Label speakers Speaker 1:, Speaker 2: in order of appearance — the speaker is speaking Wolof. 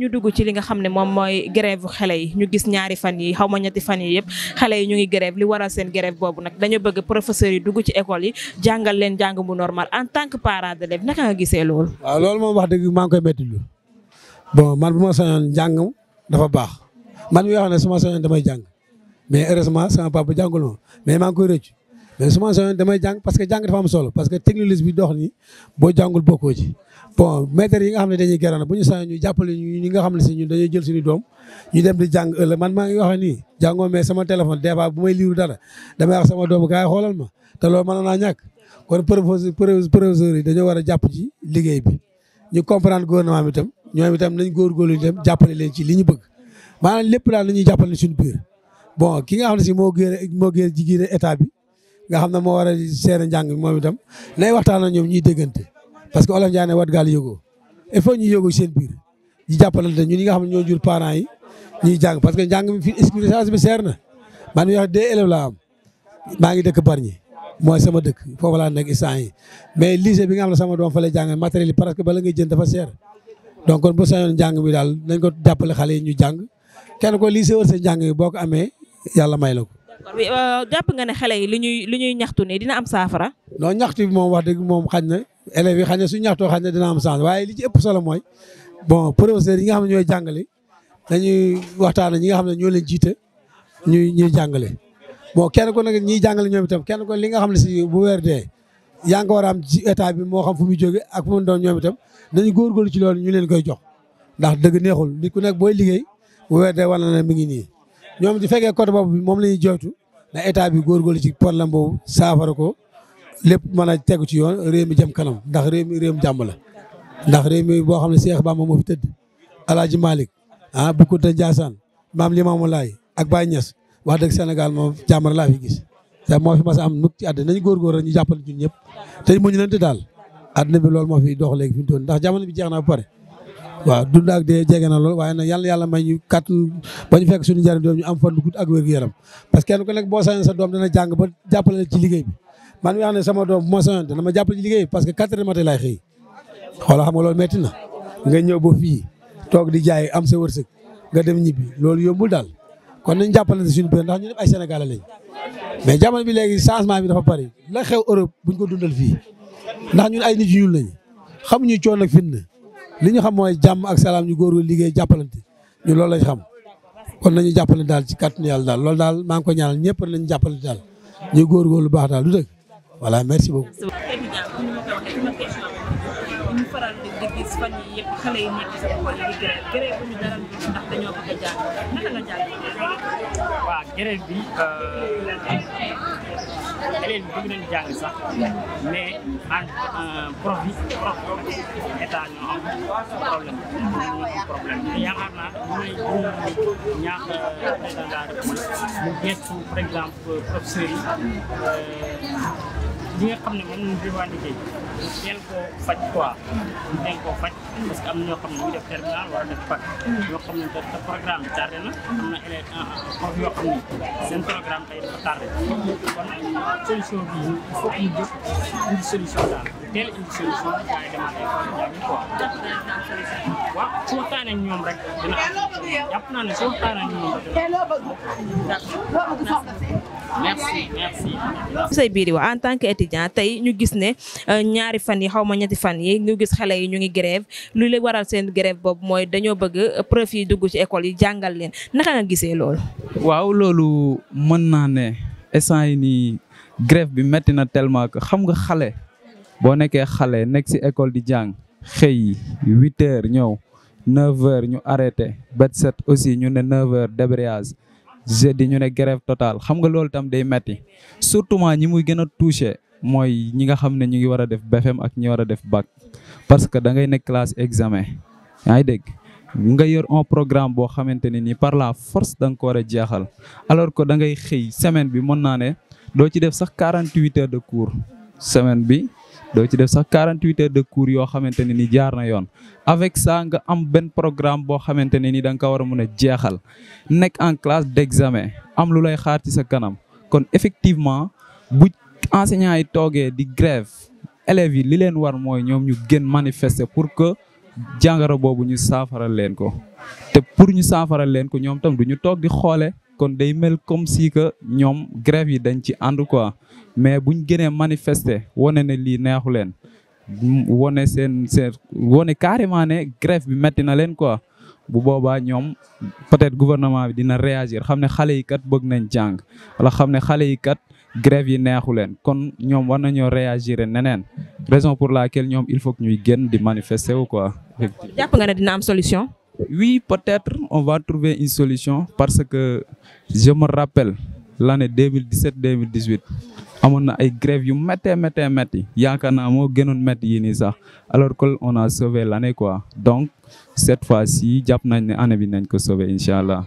Speaker 1: ñu dugg ci li nga xam ne moom mooy grève xale yi ñu gis ñaari fan yi xaw ma ñetti fan yi yëpp xale yi ñu ngi grève li waral seen grève boobu nag dañu bëgg professeurs yi dugg ci école yi jàngal leen jàng bu normal en tant que parent d'élève naka nga gisee loolu.
Speaker 2: lool moom wax dëgg maa ngi koy métti lu bon man bu ma sañoon jàng dafa baax man mi nga xam ne su ma damay jàng mais heureusement sama papa jàngul ma mais maa ngi koy rëcc mais su ma sañoon damay jàng parce que jàng solo parce que technologie bi dox ni boo jàngul bokkoo bon maîtres yi nga xam ne dañuy gërëm bu ñu saa ñu jàppale ñu ñi nga xam ne si ñun dañuy jël suñu doom ñu dem di jàng ëllëg man maa ngi wax nii jàngoo mais sama téléphone des fois bu may liiru dara damay wax sama doomu gars yi xoolal ma te man a naa ñàkk kon professeurs yi dañoo war a jàpp ji liggéey bi ñu comprendre gouvernement bi itam ñoom itam góor góor dem jàppale leen ci li ñu bëgg maanaam lépp daal nañuy jàppale suñu biir bon ki nga xam ne si moo gën moo gën jigéen état bi nga xam ne moo war a seere njàng moom itam nay waxtaan ak ñoom ñuy déggante parce que olof jaane wat gaal yëgoo il faut ñu yëgoo seen biir ñu jàppalante ñun ñi nga xam ne ñoo jur parents yi ñu jàng parce que jàng mi fii expérience bi seer na man mii wax deux élèves laa am maa ngi dëkk Bargny mooy sama dëkk foofu laa nekk instant yi mais lycée bi nga xam ne sama doom fa lay jàng matériel parce que bala ngay jënd dafa seer donc kon bu sañoon jàng mi daal nañ ko jàppale xale yi ñu jàng kenn ko lycée wër sa jàng yi boo ko amee yàlla may la ko. Euh,
Speaker 1: nga ne xale yi lu ñuy lu ñuy ñaxtu ne dina am saafara.
Speaker 2: non ñaxtu bi moom wax dëgg moom xañ na élèves yi xam ne suñu ñaxtoo xam ne dina am sens waaye li ci ëpp solo mooy bon professeurs yi nga xam ne ñooy jàngale dañuy waxtaan ñi nga xam ne ñoo leen jiite ñuy ñuy jàngale. bon kenn ku nekk ñiy jàngale ñoom itam kenn ku li nga xam ne si bu weer dee yaa ngi am ci état bi moo xam muy jóge ak fu doon ñoom itam dañu góorgóorlu ci loolu ñu leen koy jox ndax dëgg neexul nit ku nekk booy liggéey bu weer dee na mi ngi nii ñoom di fekkee côté boobu moom la ñuy na état bi góorgóorlu ci problème boobu saafara ko lépp man a tegu ci yoon réew mi jëm kanam ndax réew mi réew mi jàmm la ndax réew mi boo xam ne Cheikh baa moo fi tëdd Alaaji Malick ah Boukounta Ndiassane Maam Limaamu Laay ak Baye Niass wax dëgg Sénégal moom jàmm laa fi gis te moo fi mas a am nukk ci àddina nañu góorgóor rek ñu jàppale ñun ñëpp te mu ñu leen di daal àddina bi loolu moo fi dox léegi fi mu toll ndax jamono bi jeex na ba pare waaw dund ak dee jege na lool waaye nag yàlla yàlla may ñu kàttan ba ñu fekk suñu njariñ doom ñu am fan ak wér parce que kenn boo sañoon sa doom dana jàng ba jàppale ci liggéey man mi wax ne sama doom bu ma soñante dama jàppale ci liggéey parce que quatre heures matin laay xëy xam nga loolu metti na nga ñëw ba fii toog di jaay am sa wërsëg nga dem ñibbi loolu yombul daal kon nañ jàppale suñu biir ndax ñu def ay Sénégalais mais jamono bi léegi changement bi dafa bari la xew Europe buñ ko dundal fii ndax ñun ay nit yu ñuul lañu xamuñu coono ak fitna li ñu xam mooy jàmm ak salaam ñu góorgóorlu liggéey jàppalante ñu loolu lañ xam kon nañu jàppale daal ci kàttanu yàlla daal loolu daal maa ngi ko ñaanal ñëpp nañu jàppale daal ñu góorgóorlu baax daal du dëgg voilà merci beaucoup.
Speaker 1: ñu faral di gis fan yi yëpp xale yi nekk sa bopp di grève grève bu ñu dara ndax dañoo bëgg a jàng naka nga jàng waaw grève bi élèves bi bëgg nañu jàng sax mais en prof bi prof état ñoo am problème ñoo am problème te yaakaar naa mooy ñaax président de la République mu gestu par exemple professeurs yi euh, li xam ne moom lañ revendiqué ñu teel koo faj quoi ñu teel koo faj parce que am na ñoo xam ne ñu def terminal wala def fac yoo xam ne te programme bi tardé na am na élève prof ah, ah, ah, yoo xam ne seen programme tey dafa tardé kon solution bi il faut que solution daal teel say biir wax en tant que étudiant tey ñu gis ne euh, ñaari fan yi xaw ma ñetti fan yi ñu gis xale yi ñu ngi grève lu la waral seen grève boobu mooy dañoo bëgg euh, prof yi dugg ci école yi jàngal leen
Speaker 3: naka nga gisee lool waaw loolu mën naa ne instant yi nii grève bi metti na tellement xam nga xale. boo nekkee xale nekk si école di jàng xëy huit heures ñëw neuf heures ñu arrêté bët set aussi ñu ne neuf heures débrayage jeudi ñu ne grève totale xam nga loolu tam day metti surtout ñi muy gën a touché mooy ñi nga xam ne ñu ngi war a def BFEM ak ñi war a def bac parce que da ngay nekk classe examen yaa ngi dégg nga yor un programme boo xamante ne nii par la force da nga ko war a jeexal alors que da ngay xëy semaine bi mën naa ne doo ci def sax quarante huit heures de cours semaine bi doo ci def sax 48 heures de cours yoo xamante ne ni jaar na yoon avec saa nga am benn programme boo xamante ne ni danga nga ko war a mën a jeexal nekk en classe d'examen am lu lay xaar ci sa kanam kon effectivement bu enseignants yi toogee di grève élèves yi li leen war mooy ñoom ñu gën manifester pour que jàngaro boobu ñu saafaral leen ko te pour ñu saafaral leen ko ñoom tam du ñu toog di xoole kon day mel comme si que ñoom grève yi dañ ci ànd quoi mais buñ gënee manifester wane ne lii neexu leen wone seen seen wane carrément ne grève bi metti na leen quoi bu boobaa ñoom peut-être gouvernement bi dina réagir xam ne xale yi kat bëgg nañ jàng wala xam ne xale yi kat grève yi neexu leen kon ñoom war nañoo réagir neneen raison pour laquelle ñoom il faut ñuy génn di manifester wu quoi.
Speaker 1: jàpp am solution.
Speaker 3: Oui, peut-être on va trouver une solution parce que je me rappelle l'année 2017-2018 amoon na ay grève yu méttee méttee métti yaakaar naa moo gënoon métti yi nii sax alors que on a sauvé l'année quoi donc cette fois-ci jàpp nañ ne année bi nañ ko sauvé incha allah.